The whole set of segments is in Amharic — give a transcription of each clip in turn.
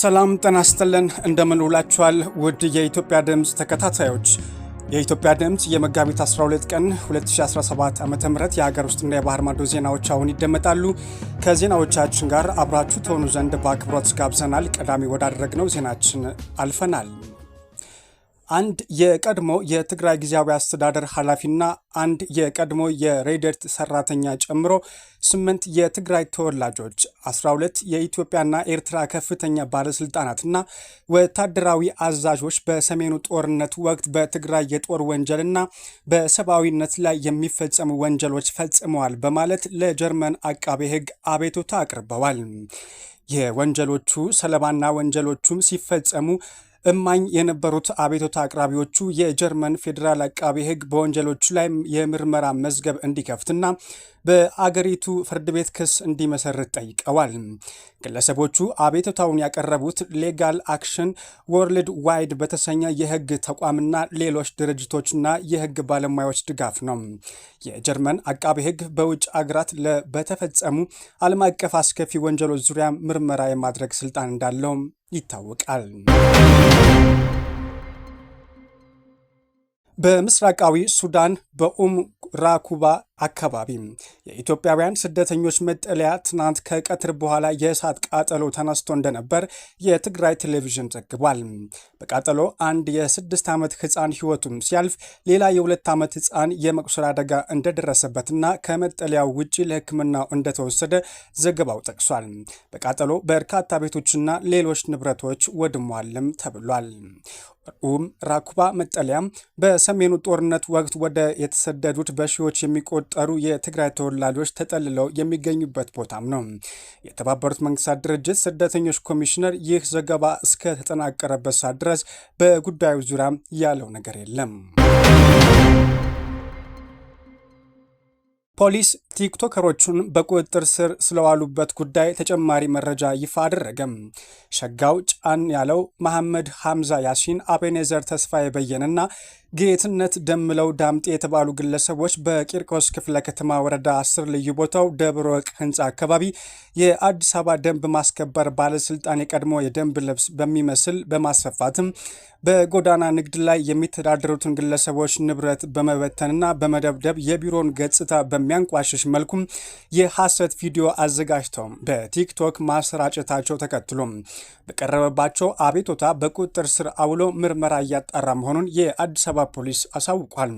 ሰላም ጤና ይስጥልን፣ እንደምን ውላችኋል? ውድ የኢትዮጵያ ድምፅ ተከታታዮች የኢትዮጵያ ድምፅ የመጋቢት 12 ቀን 2017 ዓ ም የሀገር ውስጥና የባህር ማዶ ዜናዎች አሁን ይደመጣሉ። ከዜናዎቻችን ጋር አብራችሁ ተሆኑ ዘንድ በአክብሮት ጋብዘናል። ቀዳሚ ወዳደረግነው ዜናችን አልፈናል። አንድ የቀድሞ የትግራይ ጊዜያዊ አስተዳደር ኃላፊና አንድ የቀድሞ የሬደርት ሰራተኛ ጨምሮ ስምንት የትግራይ ተወላጆች 12 የኢትዮጵያና ኤርትራ ከፍተኛ ባለስልጣናትና ወታደራዊ አዛዦች በሰሜኑ ጦርነት ወቅት በትግራይ የጦር ወንጀልና በሰብአዊነት ላይ የሚፈጸሙ ወንጀሎች ፈጽመዋል በማለት ለጀርመን አቃቤ ሕግ አቤቱታ አቅርበዋል። የወንጀሎቹ ሰለባና ወንጀሎቹም ሲፈጸሙ እማኝ የነበሩት አቤቱታ አቅራቢዎቹ የጀርመን ፌዴራል አቃቢ ሕግ በወንጀሎቹ ላይ የምርመራ መዝገብ እንዲከፍትና በአገሪቱ ፍርድ ቤት ክስ እንዲመሰርት ጠይቀዋል። ግለሰቦቹ አቤቱታውን ያቀረቡት ሌጋል አክሽን ወርልድ ዋይድ በተሰኘ የህግ ተቋምና ሌሎች ድርጅቶችና የህግ ባለሙያዎች ድጋፍ ነው። የጀርመን አቃቢ ህግ በውጭ አገራት በተፈጸሙ ዓለም አቀፍ አስከፊ ወንጀሎች ዙሪያ ምርመራ የማድረግ ስልጣን እንዳለውም ይታወቃል። በምስራቃዊ ሱዳን በኡም ራኩባ አካባቢ የኢትዮጵያውያን ስደተኞች መጠለያ ትናንት ከቀትር በኋላ የእሳት ቃጠሎ ተነስቶ እንደነበር የትግራይ ቴሌቪዥን ዘግቧል። በቃጠሎ አንድ የስድስት ዓመት ሕፃን ሕይወቱም ሲያልፍ ሌላ የሁለት ዓመት ሕፃን የመቁሰል አደጋ እንደደረሰበትና ከመጠለያው ውጪ ለሕክምናው እንደተወሰደ ዘገባው ጠቅሷል። በቃጠሎ በርካታ ቤቶችና ሌሎች ንብረቶች ወድሟልም ተብሏል። ኡም ራኩባ መጠለያም በሰሜኑ ጦርነት ወቅት ወደ የተሰደዱት በሺዎች የሚቆጠሩ የትግራይ ተወላጆች ተጠልለው የሚገኙበት ቦታም ነው። የተባበሩት መንግስታት ድርጅት ስደተኞች ኮሚሽነር ይህ ዘገባ ተጠናቀረበት ሰዓት ድረስ በጉዳዩ ዙሪያ ያለው ነገር የለም። ፖሊስ ቲክቶከሮቹን በቁጥጥር ስር ስለዋሉበት ጉዳይ ተጨማሪ መረጃ ይፋ አደረገም። ሸጋው ጫን ያለው፣ መሐመድ ሐምዛ ያሲን፣ አቤኔዘር ተስፋዬ በየነና ጌትነት ደምለው ዳምጤ የተባሉ ግለሰቦች በቂርቆስ ክፍለ ከተማ ወረዳ አስር ልዩ ቦታው ደብረ ወርቅ ህንፃ አካባቢ የአዲስ አበባ ደንብ ማስከበር ባለስልጣን የቀድሞ የደንብ ልብስ በሚመስል በማስፈፋትም በጎዳና ንግድ ላይ የሚተዳደሩትን ግለሰቦች ንብረት በመበተንና በመደብደብ የቢሮን ገጽታ በሚያንቋሽሽ በሚያስረብሽ መልኩም የሐሰት ቪዲዮ አዘጋጅተው በቲክቶክ ማሰራጨታቸው ተከትሎ በቀረበባቸው አቤቶታ በቁጥጥር ስር አውሎ ምርመራ እያጣራ መሆኑን የአዲስ አበባ ፖሊስ አሳውቋል።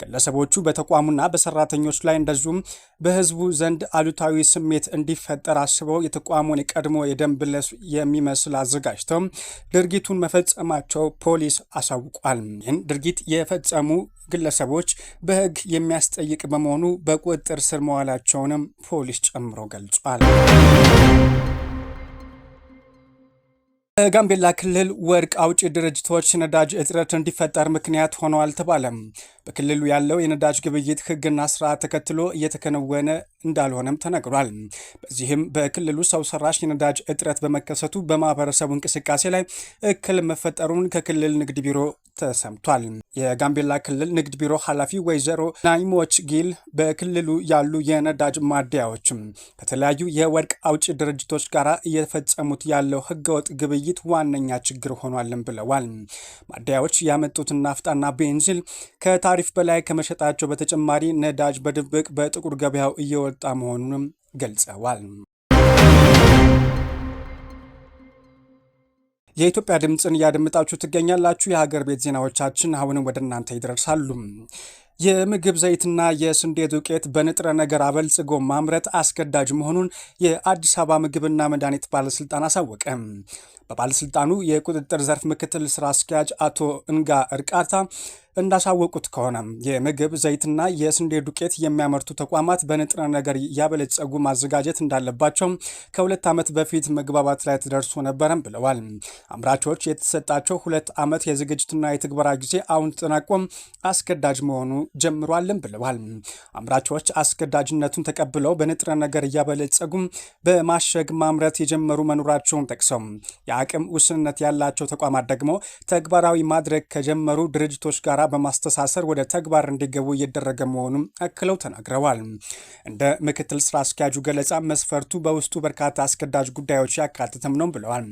ግለሰቦቹ በተቋሙና በሰራተኞች ላይ እንደዚሁም በህዝቡ ዘንድ አሉታዊ ስሜት እንዲፈጠር አስበው የተቋሙን የቀድሞ የደንብ ልብስ የሚመስል አዘጋጅተው ድርጊቱን መፈጸማቸው ፖሊስ አሳውቋል። ይህን ድርጊት የፈጸሙ ግለሰቦች በህግ የሚያስጠይቅ በመሆኑ በቁጥጥር ስር መዋላቸውንም ፖሊስ ጨምሮ ገልጿል። በጋምቤላ ክልል ወርቅ አውጪ ድርጅቶች ነዳጅ እጥረት እንዲፈጠር ምክንያት ሆኖ አልተባለም። በክልሉ ያለው የነዳጅ ግብይት ሕግና ስርዓት ተከትሎ እየተከነወነ እንዳልሆነም ተነግሯል። በዚህም በክልሉ ሰው ሰራሽ የነዳጅ እጥረት በመከሰቱ በማህበረሰቡ እንቅስቃሴ ላይ እክል መፈጠሩን ከክልል ንግድ ቢሮ ተሰምቷል። የጋምቤላ ክልል ንግድ ቢሮ ኃላፊ ወይዘሮ ናይሞች ጊል በክልሉ ያሉ የነዳጅ ማደያዎችም ከተለያዩ የወርቅ አውጭ ድርጅቶች ጋር እየፈጸሙት ያለው ህገወጥ ግብይት ዋነኛ ችግር ሆኗልን ብለዋል። ማደያዎች ያመጡት ናፍጣና ቤንዚል ከታሪፍ በላይ ከመሸጣቸው በተጨማሪ ነዳጅ በድብቅ በጥቁር ገበያው እየወጣ መሆኑንም ገልጸዋል። የኢትዮጵያ ድምፅን እያደምጣችሁ ትገኛላችሁ። የሀገር ቤት ዜናዎቻችን አሁንም ወደ እናንተ ይደርሳሉ። የምግብ ዘይትና የስንዴ ዱቄት በንጥረ ነገር አበልጽጎ ማምረት አስገዳጅ መሆኑን የአዲስ አበባ ምግብና መድኃኒት ባለስልጣን አሳወቀ። በባለስልጣኑ የቁጥጥር ዘርፍ ምክትል ስራ አስኪያጅ አቶ እንጋ እርቃታ እንዳሳወቁት ከሆነ የምግብ ዘይትና የስንዴ ዱቄት የሚያመርቱ ተቋማት በንጥረ ነገር ያበለጸጉ ማዘጋጀት እንዳለባቸው ከሁለት ዓመት በፊት መግባባት ላይ ተደርሶ ነበረም ብለዋል። አምራቾች የተሰጣቸው ሁለት ዓመት የዝግጅትና የትግበራ ጊዜ አሁን ተጠናቆም አስገዳጅ መሆኑ ጀምሯልም ብለዋል። አምራቾች አስገዳጅነቱን ተቀብለው በንጥረ ነገር እያበለጸጉ በማሸግ ማምረት የጀመሩ መኖራቸውን ጠቅሰው የአቅም ውስንነት ያላቸው ተቋማት ደግሞ ተግባራዊ ማድረግ ከጀመሩ ድርጅቶች ጋር በጋራ በማስተሳሰር ወደ ተግባር እንዲገቡ እየደረገ መሆኑም አክለው ተናግረዋል። እንደ ምክትል ስራ አስኪያጁ ገለጻ መስፈርቱ በውስጡ በርካታ አስገዳጅ ጉዳዮች ያካትትም ነው ብለዋል።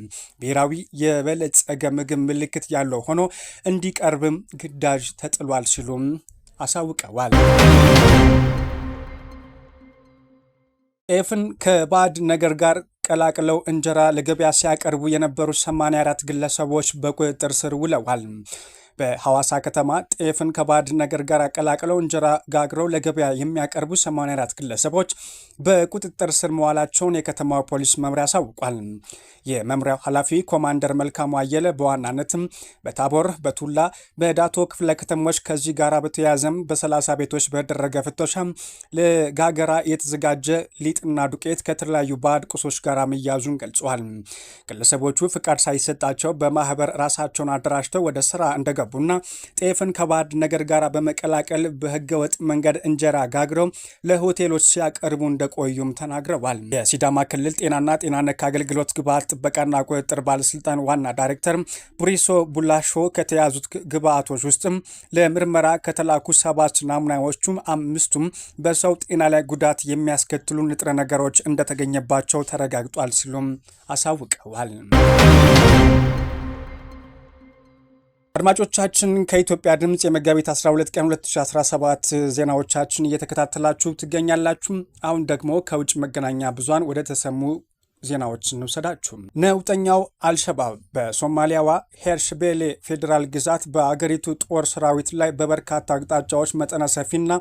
ብሔራዊ የበለጸገ ምግብ ምልክት ያለው ሆኖ እንዲቀርብም ግዳጅ ተጥሏል ሲሉም አሳውቀዋል። ኤፍን ከባዕድ ነገር ጋር ቀላቅለው እንጀራ ለገበያ ሲያቀርቡ የነበሩ 84 ግለሰቦች በቁጥጥር ስር ውለዋል። በሐዋሳ ከተማ ጤፍን ከባድ ነገር ጋር አቀላቅለው እንጀራ ጋግረው ለገበያ የሚያቀርቡ 84 ግለሰቦች በቁጥጥር ስር መዋላቸውን የከተማው ፖሊስ መምሪያ አሳውቋል። የመምሪያው ኃላፊ ኮማንደር መልካሙ አየለ በዋናነትም በታቦር፣ በቱላ፣ በዳቶ ክፍለ ከተሞች ከዚህ ጋር በተያያዘም በ30 ቤቶች በደረገ ፍተሻ ለጋገራ የተዘጋጀ ሊጥና ዱቄት ከተለያዩ ባዕድ ቁሶች ጋር መያዙን ገልጿል። ግለሰቦቹ ፍቃድ ሳይሰጣቸው በማህበር ራሳቸውን አደራጅተው ወደ ስራ እንደገቡ ቡና ጤፍን ከባዕድ ነገር ጋር በመቀላቀል በህገወጥ መንገድ እንጀራ ጋግረው ለሆቴሎች ሲያቀርቡ እንደቆዩም ተናግረዋል። የሲዳማ ክልል ጤናና ጤና ነክ አገልግሎት ግብዓት ጥበቃና ቁጥጥር ባለስልጣን ዋና ዳይሬክተር ቡሪሶ ቡላሾ ከተያዙት ግብዓቶች ውስጥም ለምርመራ ከተላኩ ሰባት ናሙናዎቹም አምስቱም በሰው ጤና ላይ ጉዳት የሚያስከትሉ ንጥረ ነገሮች እንደተገኘባቸው ተረጋግጧል ሲሉም አሳውቀዋል። አድማጮቻችን ከኢትዮጵያ ድምፅ የመጋቢት 12 ቀን 2017 ዜናዎቻችን እየተከታተላችሁ ትገኛላችሁ። አሁን ደግሞ ከውጭ መገናኛ ብዙሃን ወደ ተሰሙ ዜናዎች እንውሰዳችሁ። ነውጠኛው አልሸባብ በሶማሊያዋ ሄርሽቤሌ ፌዴራል ግዛት በአገሪቱ ጦር ሰራዊት ላይ በበርካታ አቅጣጫዎች መጠነ ሰፊና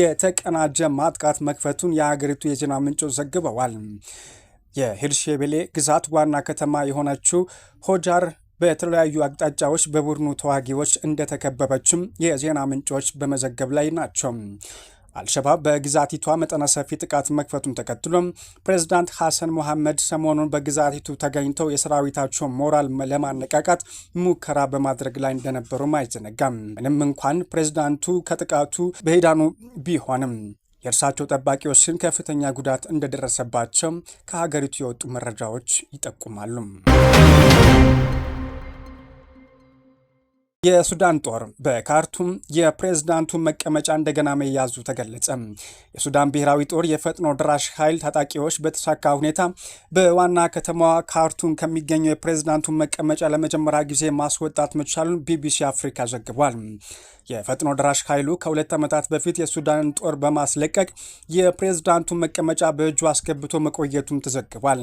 የተቀናጀ ማጥቃት መክፈቱን የአገሪቱ የዜና ምንጮች ዘግበዋል። የሄርሽቤሌ ግዛት ዋና ከተማ የሆነችው ሆጃር በተለያዩ አቅጣጫዎች በቡድኑ ተዋጊዎች እንደተከበበችም የዜና ምንጮች በመዘገብ ላይ ናቸው። አልሸባብ በግዛቲቷ መጠነ ሰፊ ጥቃት መክፈቱን ተከትሎም ፕሬዚዳንት ሐሰን ሙሐመድ ሰሞኑን በግዛቲቱ ተገኝተው የሰራዊታቸውን ሞራል ለማነቃቃት ሙከራ በማድረግ ላይ እንደነበሩም አይዘነጋም። ምንም እንኳን ፕሬዚዳንቱ ከጥቃቱ በሄዳኑ ቢሆንም የእርሳቸው ጠባቂዎች ግን ከፍተኛ ጉዳት እንደደረሰባቸው ከሀገሪቱ የወጡ መረጃዎች ይጠቁማሉ። የሱዳን ጦር በካርቱም የፕሬዝዳንቱን መቀመጫ እንደገና መያዙ ተገለጸ። የሱዳን ብሔራዊ ጦር የፈጥኖ ድራሽ ኃይል ታጣቂዎች በተሳካ ሁኔታ በዋና ከተማዋ ካርቱም ከሚገኘው የፕሬዝዳንቱን መቀመጫ ለመጀመሪያ ጊዜ ማስወጣት መቻሉን ቢቢሲ አፍሪካ ዘግቧል። የፈጥኖ ድራሽ ኃይሉ ከሁለት ዓመታት በፊት የሱዳንን ጦር በማስለቀቅ የፕሬዝዳንቱን መቀመጫ በእጁ አስገብቶ መቆየቱም ተዘግቧል።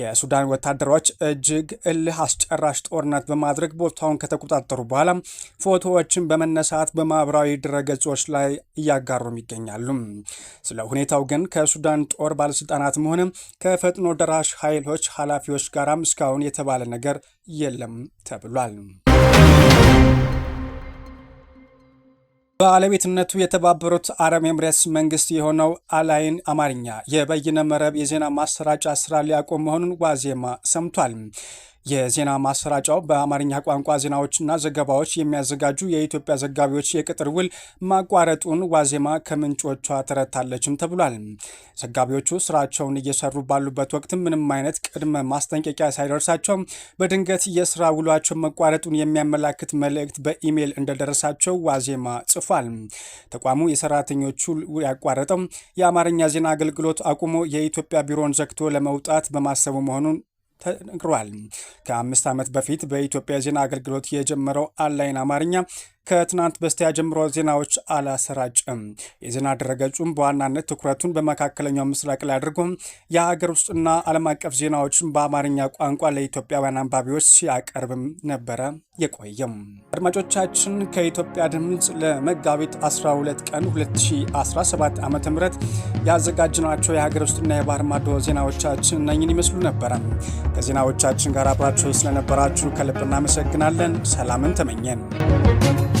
የሱዳን ወታደሮች እጅግ እልህ አስጨራሽ ጦርነት በማድረግ ቦታውን ከተቆጣጠሩ በኋላ ፎቶዎችን በመነሳት በማህበራዊ ድረገጾች ላይ እያጋሩም ይገኛሉ። ስለ ሁኔታው ግን ከሱዳን ጦር ባለስልጣናትም ሆነ ከፈጥኖ ደራሽ ኃይሎች ኃላፊዎች ጋራም እስካሁን የተባለ ነገር የለም ተብሏል። ባለቤትነቱ የተባበሩት አረብ ኤምሬትስ መንግስት የሆነው አላይን አማርኛ የበይነ መረብ የዜና ማሰራጫ ስራ ሊያቆም መሆኑን ዋዜማ ሰምቷል። የዜና ማሰራጫው በአማርኛ ቋንቋ ዜናዎችና ዘገባዎች የሚያዘጋጁ የኢትዮጵያ ዘጋቢዎች የቅጥር ውል ማቋረጡን ዋዜማ ከምንጮቿ ተረታለችም ተብሏል። ዘጋቢዎቹ ስራቸውን እየሰሩ ባሉበት ወቅት ምንም አይነት ቅድመ ማስጠንቀቂያ ሳይደርሳቸው በድንገት የስራ ውሏቸው መቋረጡን የሚያመላክት መልእክት በኢሜይል እንደደረሳቸው ዋዜማ ጽፏል። ተቋሙ የሰራተኞቹ ያቋረጠው የአማርኛ ዜና አገልግሎት አቁሞ የኢትዮጵያ ቢሮን ዘግቶ ለመውጣት በማሰቡ መሆኑን ተነግሯል። ከአምስት ዓመት በፊት በኢትዮጵያ ዜና አገልግሎት የጀመረው ኦንላይን አማርኛ ከትናንት በስቲያ ጀምሮ ዜናዎች አላሰራጭም። የዜና ድረገጹም በዋናነት ትኩረቱን በመካከለኛው ምስራቅ ላይ አድርጎ የሀገር ውስጥና ዓለም አቀፍ ዜናዎችን በአማርኛ ቋንቋ ለኢትዮጵያውያን አንባቢዎች ሲያቀርብም ነበረ የቆየም። አድማጮቻችን ከኢትዮጵያ ድምፅ ለመጋቢት 12 ቀን 2017 ዓ ም ያዘጋጅናቸው የሀገር ውስጥና የባህር ማዶ ዜናዎቻችን ነኝን ይመስሉ ነበረ። ከዜናዎቻችን ጋር አብራችሁ ስለነበራችሁ ከልብ እናመሰግናለን። ሰላምን ተመኘን።